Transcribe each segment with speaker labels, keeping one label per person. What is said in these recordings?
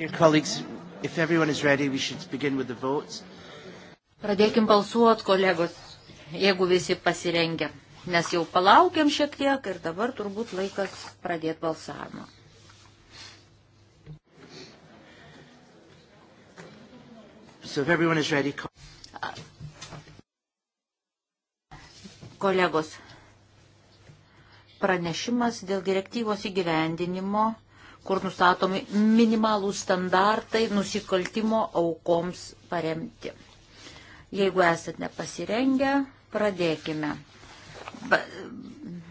Speaker 1: Dear colleagues, if everyone is ready, we should begin with the votes.
Speaker 2: Pradėkim balsuot, kolegos, jeigu visi pasirengę, nes jau palaukiam šiek tiek ir dabar turbūt laikas pradėti balsavimą. So if everyone is ready, kolegos, pranešimas dėl direktyvos įgyvendinimo kur nustatomi minimalų standartai nusikaltimo aukoms paremti. Jeigu esate nepasirengę, pradėkime.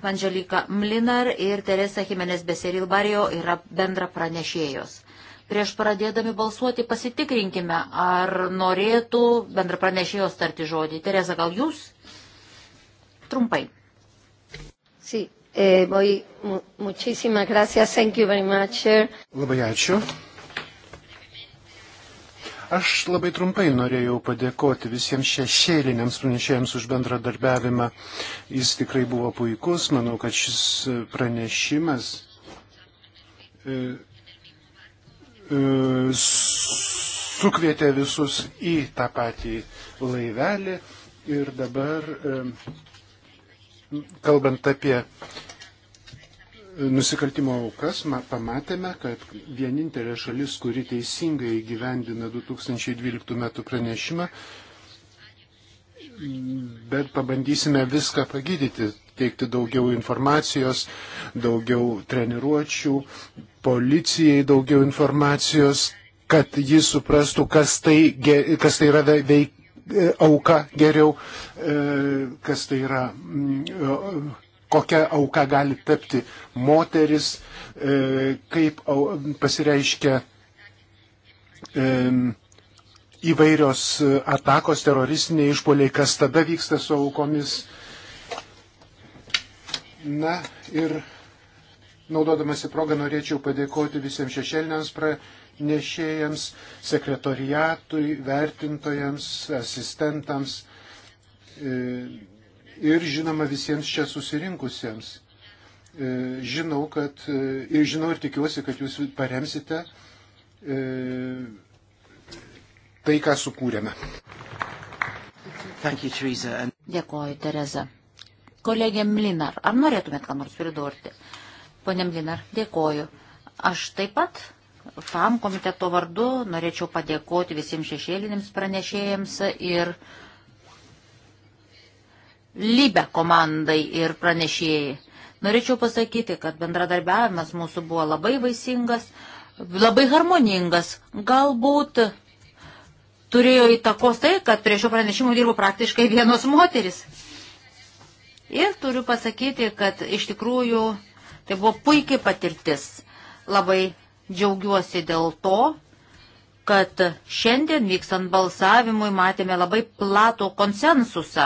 Speaker 2: Anželika Mlinar ir Teresa Jimenez Beseril Barijo yra bendra pranešėjos. Prieš pradėdami balsuoti pasitikrinkime, ar norėtų bendra pranešėjos tarti žodį. Teresa, gal jūs? Trumpai. Sí, si. Eh, voy, mu muchísimas gracias. Thank you very much, Chair.
Speaker 1: Labai ačiū. Aš labai trumpai norėjau padėkoti visiems šešėliniams pranešėjams už bendradarbiavimą. Jis tikrai buvo puikus. Manau, kad šis e, pranešimas e, e, sukvietė visus į tą patį laivelį ir dabar kalbant apie nusikaltimo aukas, pamatėme, kad vienintelė šalis, kuri teisingai gyvendina 2012 metų pranešimą, bet pabandysime viską pagydyti, teikti daugiau informacijos, daugiau treniruočių, policijai daugiau informacijos, kad jis suprastų, kas tai, kas tai yra veik, E, auka geriau, e, kas tai yra, e, kokia auka gali tapti moteris, kaip pasireiškia įvairios atakos, teroristiniai išpoliai, kas tada vyksta su aukomis. Na ir naudodamasi progą norėčiau padėkoti visiems šešėliniams pranešėjams nešėjams, sekretoriatui, vertintojams, asistentams e, ir žinoma visiems čia susirinkusiems. E, žinau, kad e, ir žinau ir tikiuosi, kad jūs paremsite tai, ką sukūrėme. You, Teresa.
Speaker 2: Dėkuoju, Tereza. Kolegė Mlinar, ar norėtumėt ką nors pridurti? Pone Mlinar, dėkuoju. Aš taip pat FAM komiteto vardu norėčiau padėkoti visiems šešėlinėms pranešėjams ir Libe komandai ir pranešėjai. Norėčiau pasakyti, kad bendradarbiavimas mūsų buvo labai vaisingas, labai harmoningas. Galbūt turėjo įtakos tai, kad prie šio pranešimo dirbo praktiškai vienos moteris. Ir turiu pasakyti, kad iš tikrųjų tai buvo puikiai patirtis. Labai Džiaugiuosi dėl to, kad šiandien vykstant balsavimui matėme labai platų konsensusą.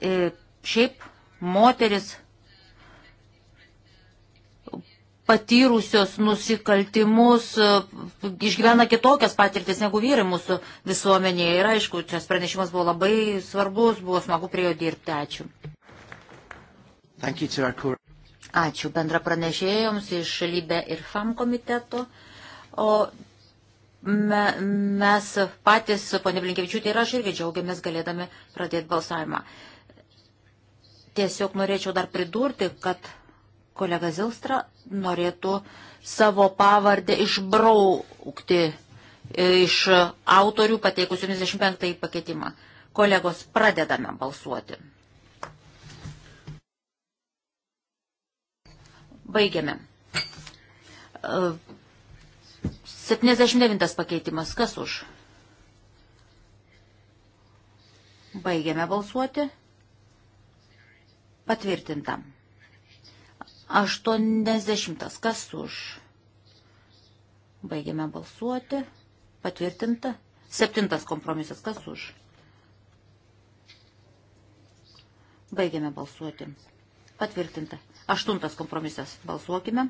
Speaker 2: E, šiaip moteris patyrusios nusikaltimus e, išgyvena kitokias patirtis negu vyrai mūsų visuomenėje. Ir aišku, šis pranešimas buvo labai svarbus, buvo smagu prie jo dirbti. Ačiū. Ačiū bendra pranešėjoms iš Lybė ir FAM komiteto. O me, mes patys, ponė Blinkevičiūtė ir aš irgi džiaugiamės galėdami pradėti balsavimą. Tiesiog norėčiau dar pridurti, kad kolega Zilstra norėtų savo pavardę išbraukti e, iš autorių pateikusių 75 pakeitimą. Kolegos, pradedame balsuoti. Baigiame. 79 e, pakeitimas. Kas už? Baigiame balsuoti. Patvirtinta. 80. Kas už? Baigiame balsuoti. Patvirtinta. Septintas kompromisas. Kas už? Baigiame balsuoti. Patvirtinta. Aštuntas kompromisas. Balsuokime.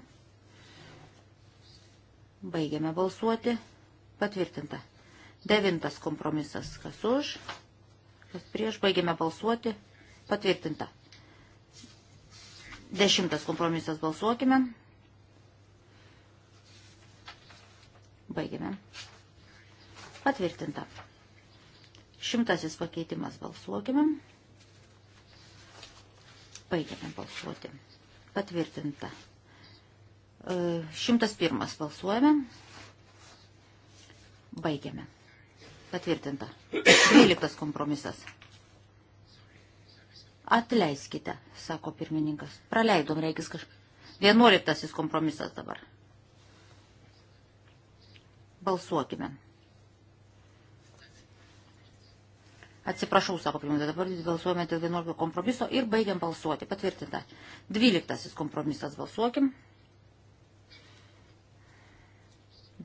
Speaker 2: Baigiame balsuoti. Patvirtinta. Devintas kompromisas. Kas už? Kas prieš? Baigiame balsuoti. Patvirtinta. Dešimtas kompromisas. Balsuokime. Baigiame. Patvirtinta. Šimtasis pakeitimas. Balsuokime. Baigiame balsuoti. Patvirtinta. 101 e, balsuojame. Baigiame. Patvirtinta. 13 kompromisas. Atleiskite, sako pirmininkas. Praleidom, reikis kažkaip. 11 kompromisas dabar. Balsuokime. Atsiprašau, sako pirmininkė, dabar balsuojame dėl 11 kompromiso ir baigiam balsuoti. Patvirtinta. 12 kompromisas balsuokim.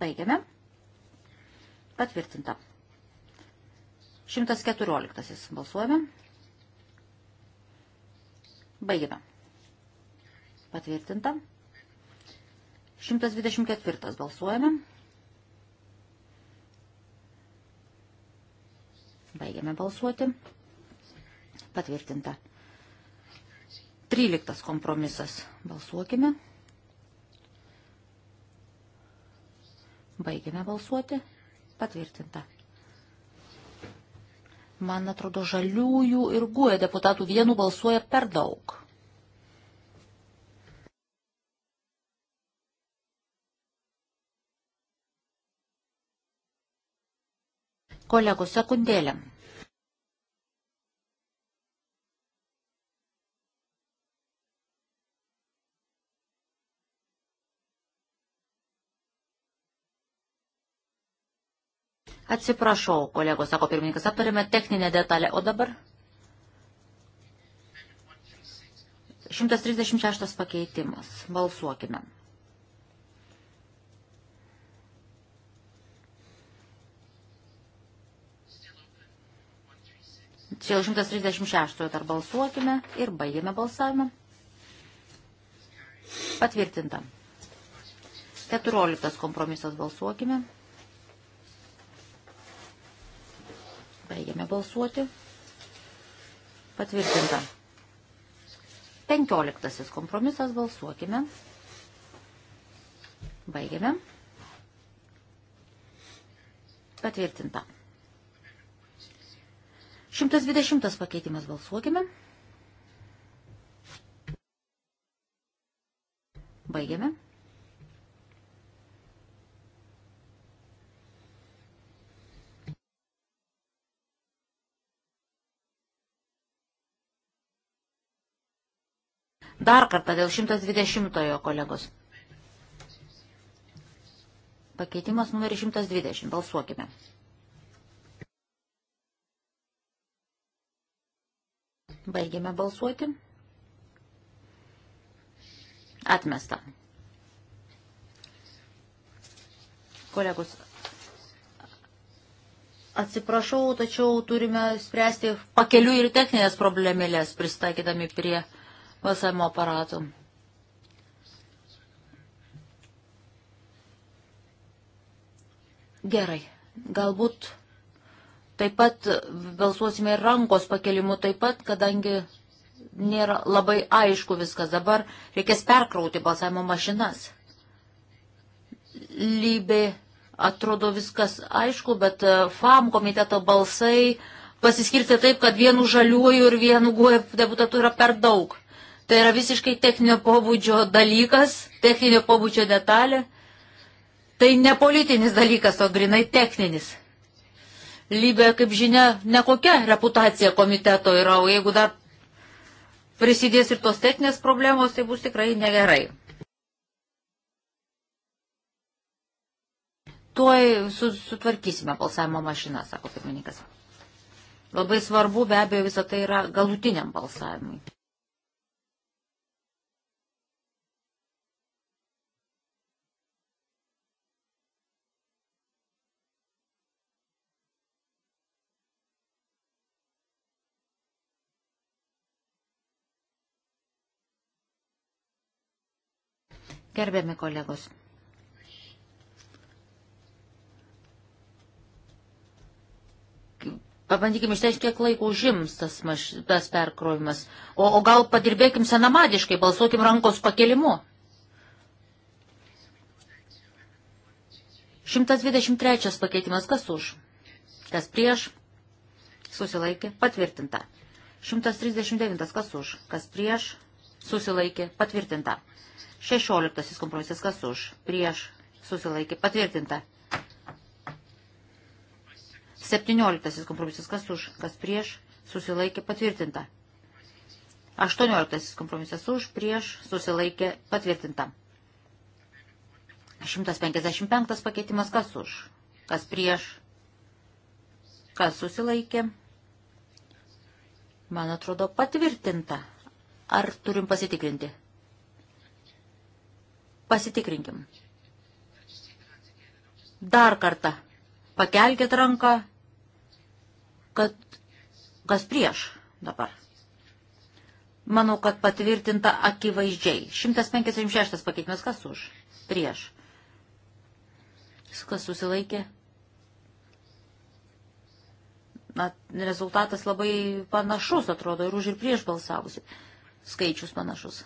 Speaker 2: Baigiame. Patvirtinta. 114 balsuojame. Baigiame. Patvirtinta. 124 balsuojame. Baigiame balsuoti. Patvirtinta. 13 kompromisas. Balsuokime. Baigiame balsuoti. Patvirtinta. Man atrodo, žaliųjų ir guoja deputatų vienų balsuoja per daug. Kolegų sekundėlė. Atsiprašau, kolegos, sako pirmininkas, aptarėme techninę detalę, o dabar 136 pakeitimas. Balsuokime. Čia 136 dar balsuokime ir baigėme balsavimą. Patvirtinta. 14 kompromisas balsuokime. Baigėme balsuoti. Patvirtinta. 15 kompromisas balsuokime. Baigėme. Patvirtinta. 120 pakeitimas balsuokime. Baigiame. Dar kartą dėl 120 kolegos. Pakeitimas numeris 120. Balsuokime. Balsuokime. Baigiame balsuoti. Atmesta. Kolegos, atsiprašau, tačiau turime spręsti pakelių ir techninės problemėlės, pristaikydami prie vasamo aparatų. Gerai, galbūt Taip pat balsuosime ir rankos pakelimu, taip pat, kadangi nėra labai aišku viskas. Dabar reikės perkrauti balsavimo mašinas. Lybė atrodo viskas aišku, bet e, FAM komiteto balsai pasiskirti taip, kad vienų žaliųjų ir vienų guoja deputatų yra per daug. Tai yra visiškai techninio pobūdžio dalykas, techninio pobūdžio detalė. Tai ne politinis dalykas, o grinai techninis. Lybė, kaip žinia, nekokia reputacija komiteto yra, o jeigu dar prisidės ir tos techninės problemos, tai bus tikrai negerai. Tuoj sutvarkysime balsavimo mašiną, sako pirmininkas. Labai svarbu be abejo visą tai yra galutiniam balsavimui. Gerbiami kolegos. Pabandykime išteiškinti, kiek laiko užims tas, maš, tas perkrovimas. O, o gal padirbėkim senamadiškai, balsuokim rankos pakelimu. 123 pakeitimas kas už? Kas prieš? Susilaikė. Patvirtinta. 139 kas už? Kas prieš? susilaikė, patvirtinta. 16 kompromisas kas už, prieš, susilaikė, patvirtinta. 17 kompromisas kas už, kas prieš, susilaikė, patvirtinta. 18 kompromisas už, prieš, susilaikė, patvirtinta. 155 pakeitimas kas už, kas prieš, kas susilaikė, man atrodo, patvirtinta. Ar turim pasitikrinti? Pasitikrinkim. Dar kartą. Pakelkit ranką, kad kas prieš dabar. Manau, kad patvirtinta akivaizdžiai. 156 pakeitimas kas už? Prieš. Kas susilaikė? Na, rezultatas labai panašus, atrodo, ir už ir prieš balsavusi skaičius panašus.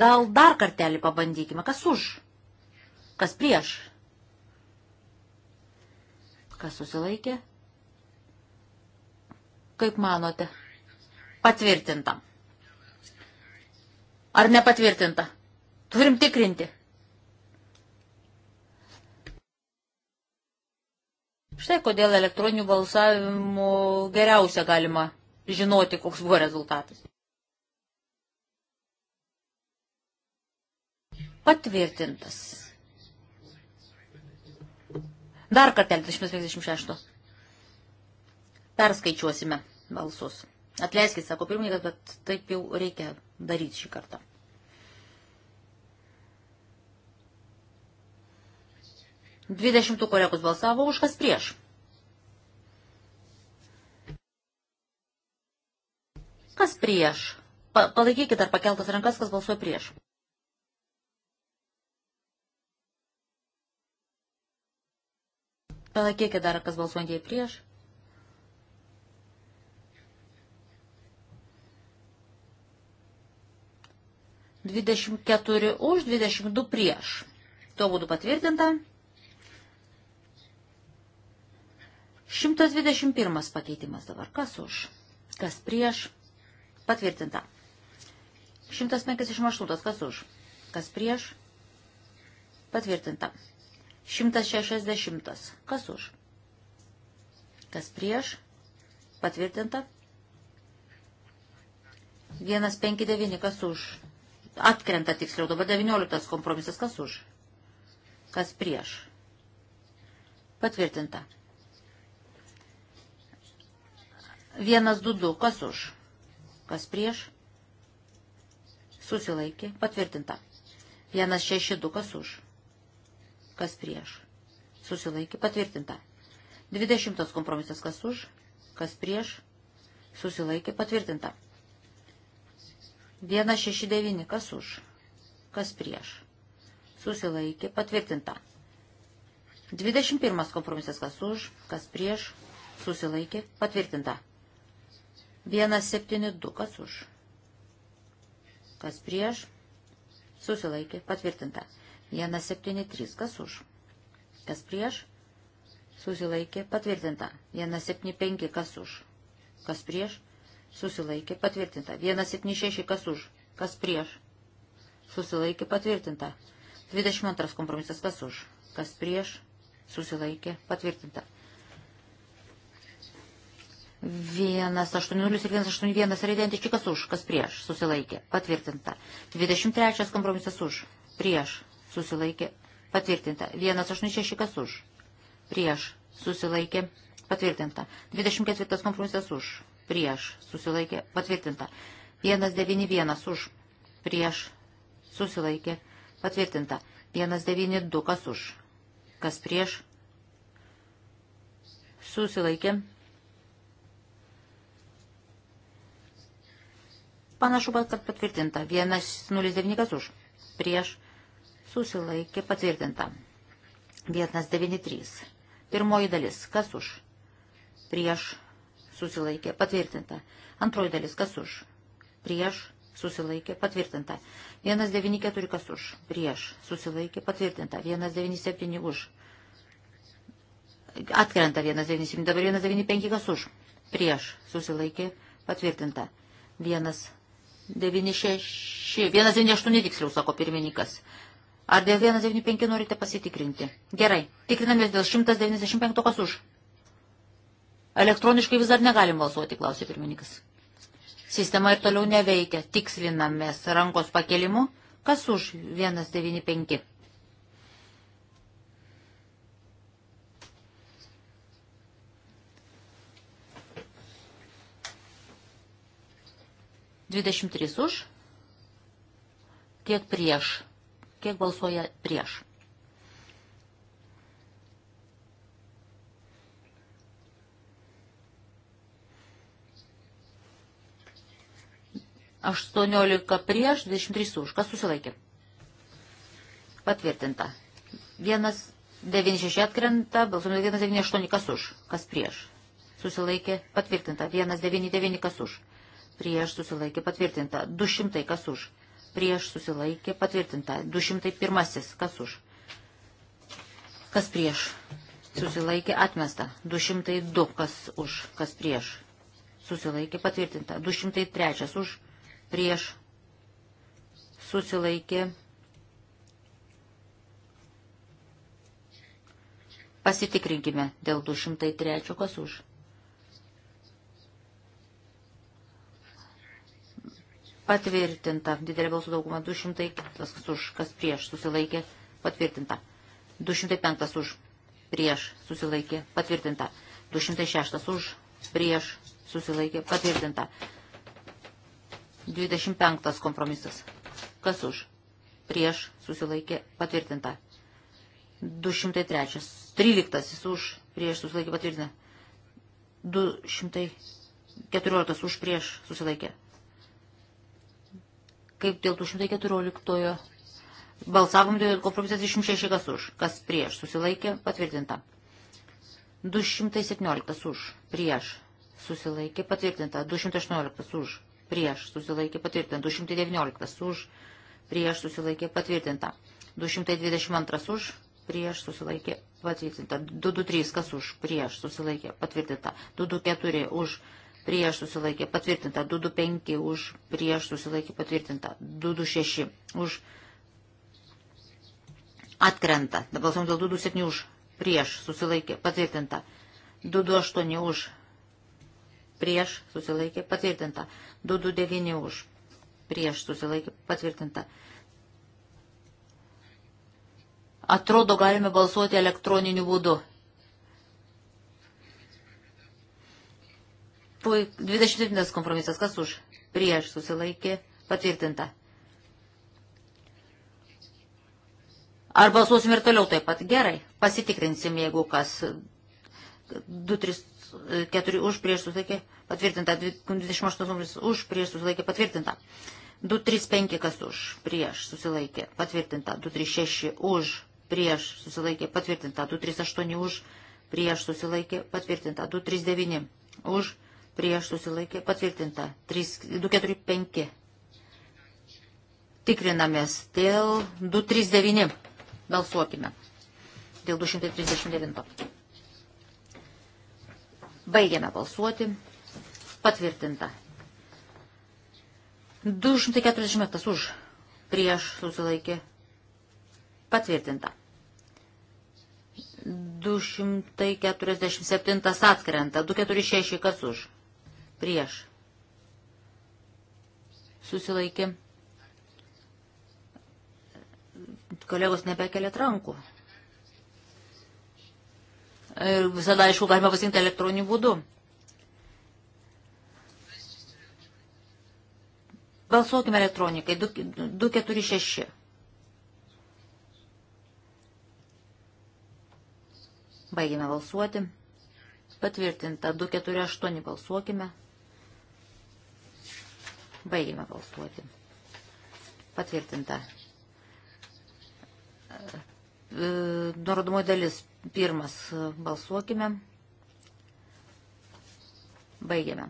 Speaker 2: Gal dar kartelį pabandykime, kas už, kas prieš, kas susilaikė. Kaip manote? Patvirtinta. Ar nepatvirtinta? Turim tikrinti. Štai kodėl elektroninių balsavimų geriausia galima žinoti, koks buvo rezultatas. Patvirtintas. Dar kartelį 256. Perskaičiuosime balsus. Atleiskit, sako pirmininkas, bet taip jau reikia daryti šį kartą. 20 kolegos balsavo už kas prieš. Kas prieš? Pa, palaikykite ar pakeltas rankas, kas balsuoja prieš. Palaikykite dar, kas balsuojantieji prieš. Dvidešimt keturi už, dvidešimt du prieš. Tuo būdu patvirtinta. 121 pakeitimas dabar. Kas už? Kas prieš? Patvirtinta. 158. Kas už? Kas prieš? Patvirtinta. 160. Kas už? Kas prieš? Patvirtinta. 159. Kas už? Atkrenta tiksliau. Dabar 19 kompromisas. Kas už? Kas prieš? Patvirtinta. Vienas, du, du. Kas už? Kas prieš? Susilaikė. Patvirtinta. Vienas, šeši, du. Kas už? Kas prieš? Susilaikė. Patvirtinta. Dvidešimtas kompromisas. Kas už? Kas prieš? Susilaikė. Patvirtinta. Vienas, šeši, devyni. Kas už? Kas prieš? Susilaikė. Patvirtinta. 21 kompromisas kas už, kas prieš, susilaikė, patvirtinta. 172, kas už, kas prieš, susilaikė, patvirtinta. 173, kas už, kas prieš, susilaikė, patvirtinta. 175, kas už, kas prieš, susilaikė, patvirtinta. 176, kas už, kas prieš, susilaikė, patvirtinta. 22 kompromisas, kas už, kas prieš, susilaikė, patvirtinta. 180 ir 181 yra identiški, kas už, kas prieš, susilaikė, patvirtinta. 23 kompromisas už, prieš, susilaikė, patvirtinta. 186 kas už, prieš, susilaikė, patvirtinta. 24 kompromisas už, prieš, susilaikė, patvirtinta. 191 už, prieš, susilaikė, patvirtinta. 192 kas už, kas prieš, susilaikė, patvirtinta Panašu, kad patvirtinta. 109 kas už. Prieš susilaikė patvirtinta. 193. Pirmoji dalis. Kas už? Prieš susilaikė patvirtinta. Antroji dalis. Kas už? Prieš susilaikė patvirtinta. 194 kas už? Prieš susilaikė patvirtinta. 197 už. Atkrenta 197, dabar 195 kas už. Prieš susilaikė patvirtinta. 1 196, 198 tiksliau, sako pirmininkas. Ar dėl 195 norite pasitikrinti? Gerai, tikrinamės dėl 195 kas už. Elektroniškai vis dar negalim balsuoti, klausė pirmininkas. Sistema ir toliau neveikia. Tikslinamės rankos pakelimu. Kas už 195? 23 už, kiek prieš, kiek balsuoja prieš. Aštuoniolika prieš, 23 už. Kas susilaikė? Patvirtinta. Vienas 96 atkrenta, balsuomis 198 kas už, kas prieš. Susilaikė patvirtinta. 199 kas už, prieš susilaikė patvirtinta. 200 kas už, prieš susilaikė patvirtinta. 201 kas už, kas prieš susilaikė atmesta. 202 kas už, kas prieš susilaikė patvirtinta. 203 už, prieš susilaikė Pasitikrinkime dėl 203 kas už. patvirtinta, didelė balsų dauguma 200, kas už, kas prieš, susilaikė, patvirtinta. 205 už, prieš, susilaikė, patvirtinta. 206 už, prieš, susilaikė, patvirtinta. 25 kompromisas. Kas už? Prieš, susilaikė, patvirtinta. 203. 13 už, prieš, susilaikė, patvirtinta. 214 už, prieš, susilaikė, kaip dėl 214 balsavom dėl kompromisas 26 kas už, kas prieš, susilaikė, patvirtinta. 217 už, prieš, susilaikė, patvirtinta. 218 už, prieš, susilaikė, patvirtinta. 219 už, prieš, susilaikė, patvirtinta. 222 už, prieš, susilaikė, patvirtinta. 223 kas už, prieš, susilaikė, patvirtinta. 224 už, prieš, prieš susilaikė patvirtinta, 225 už, prieš susilaikė patvirtinta, 226 už, atkrenta, dabar balsuom dėl 227 už, prieš susilaikė patvirtinta, 228 už, prieš susilaikė patvirtinta, 229 už, prieš susilaikė patvirtinta. Atrodo, galime balsuoti elektroniniu būdu. 27 kompromisas, kas už, prieš susilaikė, patvirtinta. Ar balsuosim ir toliau taip pat gerai, pasitikrinsim, jeigu kas 2, 3, 4 už prieš susilaikė, patvirtinta, 28 už prieš susilaikė, patvirtinta. 235 kas už, prieš susilaikė, patvirtinta, 236 už, prieš susilaikė, patvirtinta, 238 už, prieš susilaikė, patvirtinta, 239 už, prieš susilaikė patvirtinta. 3, 2, 4, 5. Tikrinamės dėl 239. Balsuokime. Dėl 239. Baigiame balsuoti. Patvirtinta. 240 už. Prieš susilaikė. Patvirtinta. 247 atkrenta. 246 kas už prieš susilaikė. Kolegos nebekelia rankų. Ir visada, aišku, galima pasirinkti elektroniniu būdu. Balsuokime elektronikai. 246. Baigime balsuoti. Patvirtinta. 248 balsuokime. 248. Baigime balsuoti. Patvirtinta. E, nurodomoji dalis pirmas. Balsuokime. Baigėme.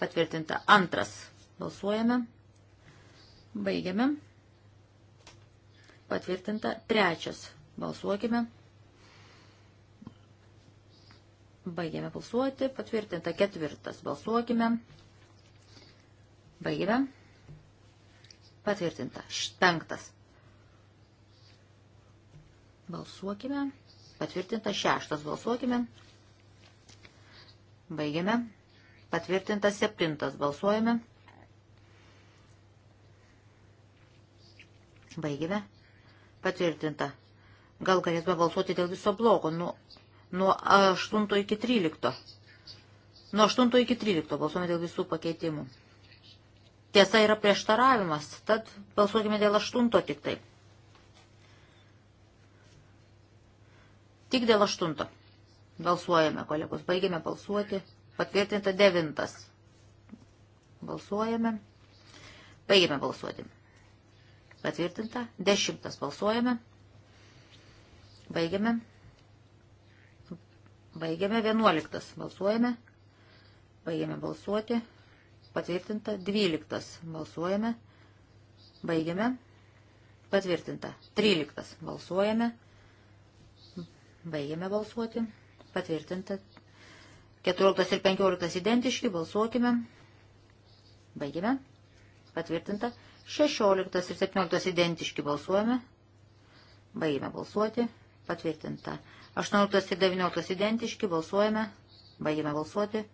Speaker 2: Patvirtinta. Antras. Balsuojame. Baigėme. Patvirtinta. Trečias. Balsuokime. Baigėme balsuoti. Patvirtinta. Ketvirtas. Balsuokime. Balsuokime. Baigime. Patvirtinta. Penktas. Balsuokime. Patvirtinta. Šeštas. Balsuokime. Baigime. Patvirtinta. Septintas. Balsuojame. Baigime. Patvirtinta. Gal galėtume balsuoti dėl viso blogo. Nu, nuo 8 iki 13. Nuo 8 iki 13 balsuojame dėl visų pakeitimų. Tiesa yra prieštaravimas, tad balsuokime dėl aštunto tik tai. Tik dėl aštunto. Balsuojame, kolegos, baigėme balsuoti. Patvirtinta devintas. Balsuojame. Baigėme balsuoti. Patvirtinta. Dešimtas balsuojame. Baigėme. Baigėme. Vienuoliktas balsuojame. Baigėme balsuoti patvirtinta. 12 balsuojame, baigiame, patvirtinta. 13 balsuojame, baigiame balsuoti, patvirtinta. 14 ir 15 identiški, balsuokime, baigiame, patvirtinta. 16 ir 17 identiški, balsuojame, baigiame balsuoti, patvirtinta. 18 ir 19 identiški, balsuojame, baigiame balsuoti.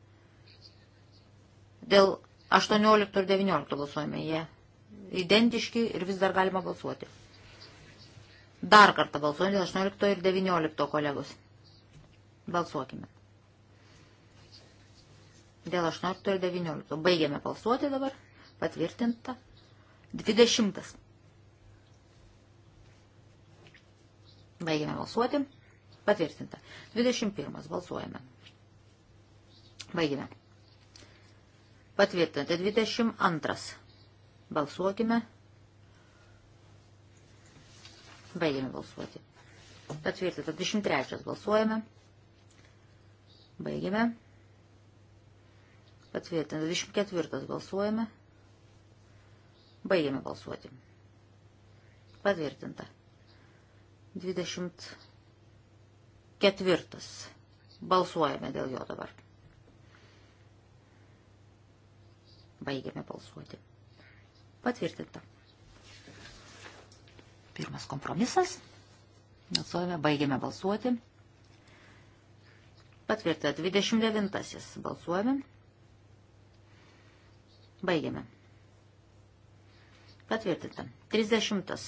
Speaker 2: Dėl 18 ir 19 balsuojame. Jie identiški ir vis dar galima balsuoti. Dar kartą balsuojame dėl 18 ir 19 kolegos. Balsuokime. Dėl 18 ir 19. Baigiame balsuoti dabar. Patvirtinta. 20. Baigiame balsuoti. Patvirtinta. 21. Balsuojame. Baigiame. Patvirtinti 22. Balsuokime. Baigiame balsuoti. Patvirtinta 23. Balsuojame. Baigiame. Patvirtinta 24. Balsuojame. Baigiame balsuoti. Patvirtinta. 24. Balsuojame dėl jo dabar. Baigiame balsuoti. Patvirtinta. Pirmas kompromisas. Balsuojame, baigiame balsuoti. Patvirtinta. 29. Balsuojame. Baigiame. Patvirtinta. 30.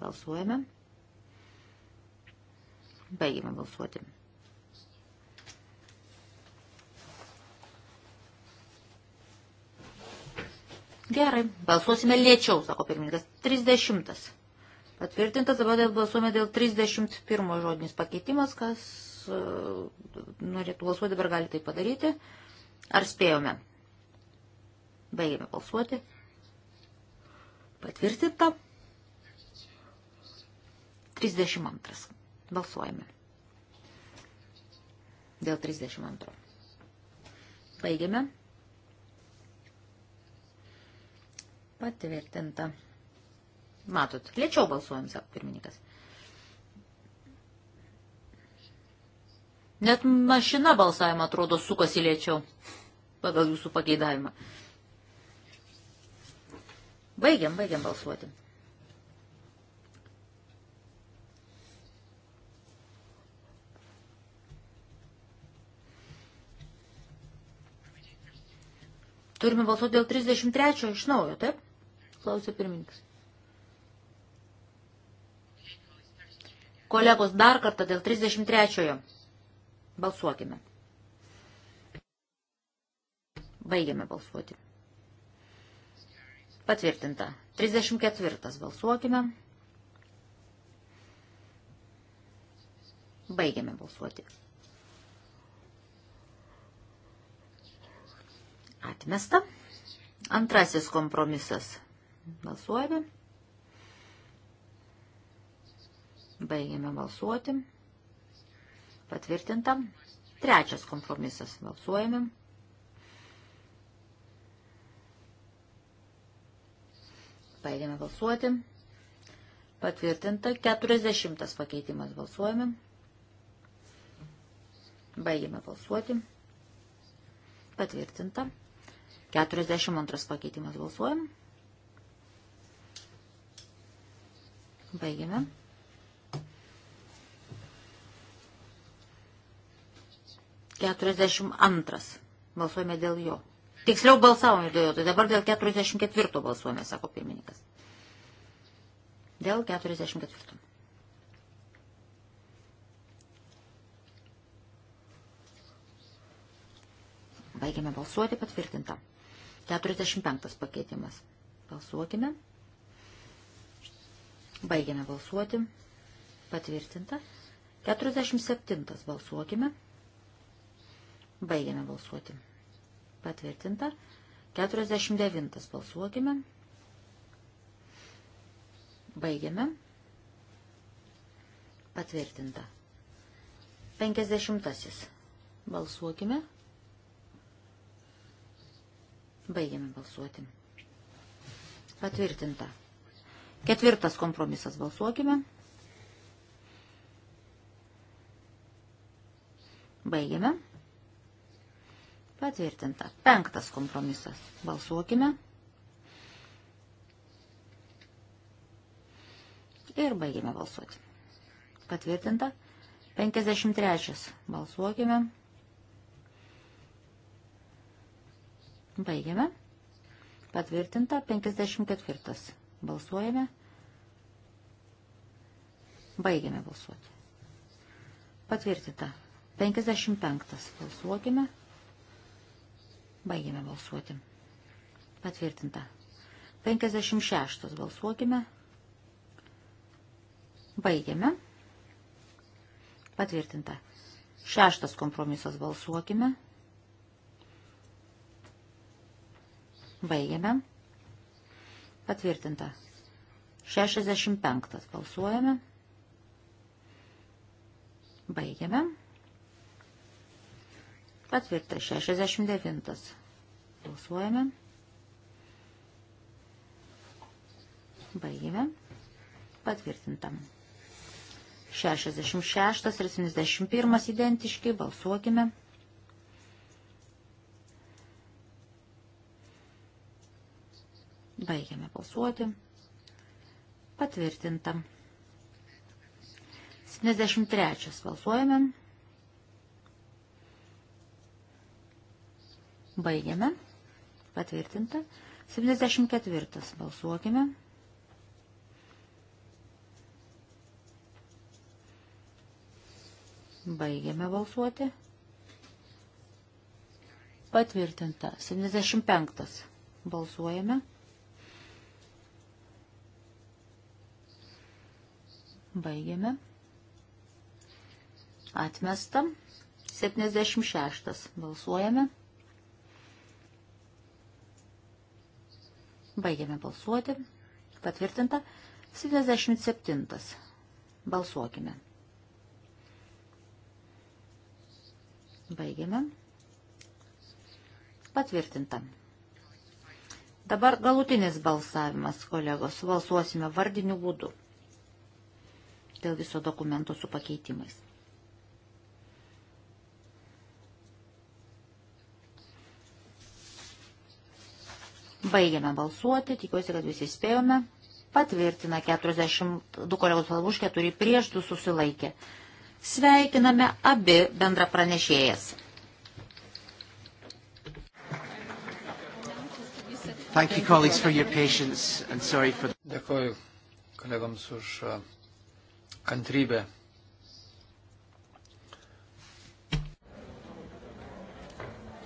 Speaker 2: Balsuojame. Baigiame balsuoti. Gerai, balsuosime lėčiau, sako pirmininkas. 30. Patvirtintas, dabar balsuojame dėl 31 žodinis pakeitimas, kas uh, norėtų balsuoti, dabar gali tai padaryti. Ar spėjome? Baigėme balsuoti. Patvirtinta. 32. Balsuojame. Dėl 32. Baigėme. Patvirtinta. Matot, lėčiau balsuojam, sako pirmininkas. Net mašina balsavimą atrodo sukasi lėčiau pagal jūsų pageidavimą. Baigiam, baigiam balsuoti. Turime balsuoti dėl 33 iš naujo, taip? klausė pirmininkas. Kolegos, dar kartą dėl 33-ojo. Balsuokime. Baigiame balsuoti. Patvirtinta. 34 balsuokime. Baigiame balsuoti. Atmesta. Antrasis kompromisas. Balsuojame. Baigiame balsuoti. Patvirtinta. Trečias kompromisas. Balsuojame. Baigiame balsuoti. Patvirtinta. 40 pakeitimas. Balsuojame. Baigiame balsuoti. Patvirtinta. 42 pakeitimas. Balsuojame. Baigiame. Keturiasdešimt antras. Balsuojame dėl jo. Tiksliau balsavome dėl jo, tai dabar dėl 44 balsuojame, sako pirmininkas. Dėl 44. Baigiame balsuoti patvirtintą. 45 pakeitimas. Balsuokime. Balsuokime. Baigiame balsuoti. Patvirtinta. 47 balsuokime. Baigiame balsuoti. Patvirtinta. 49 balsuokime. Baigiame. Patvirtinta. 50. Balsuokime. Baigiame balsuoti. Patvirtinta. Ketvirtas kompromisas balsuokime. Baigiame. Patvirtinta. Penktas kompromisas. Balsuokime. Ir baigiame balsuoti. Patvirtinta. 53. Balsuokime. Baigiame. Patvirtinta. 54. Balsuojame. Baigiame balsuoti. Patvirtinta. 55. Balsuokime. Baigiame balsuoti. Patvirtinta. 56. Balsuokime. Baigiame. Patvirtinta. Šeštas kompromisas balsuokime. Baigiame. Patvirtinta. 65. Balsuojame. Baigiame. Patvirta. 69. Balsuojame. Baigiame. Patvirtinta. 66 ir 71 identiškai. Balsuokime. Balsuokime. balsuoti. Patvirtinta. 73. Balsuojame. Baigiame. Patvirtinta. 74. Balsuokime. Baigiame balsuoti. Patvirtinta. 75. Balsuojame. Baigiame. Atmesta. 76. Balsuojame. Baigiame balsuoti. Patvirtinta. 77. Balsuokime. Baigiame. Patvirtinta. Dabar galutinis balsavimas, kolegos. Valsuosime vardiniu būdu dėl viso dokumento su pakeitimais. Baigiame balsuoti, tikiuosi, kad visi spėjome. Patvirtina 42 kolegos už 4 prieš 2 susilaikė. Sveikiname abi bendra pranešėjas.
Speaker 1: Thank you, colleagues, for your patience and sorry for... Dėkoju kolegams už
Speaker 2: kantrybė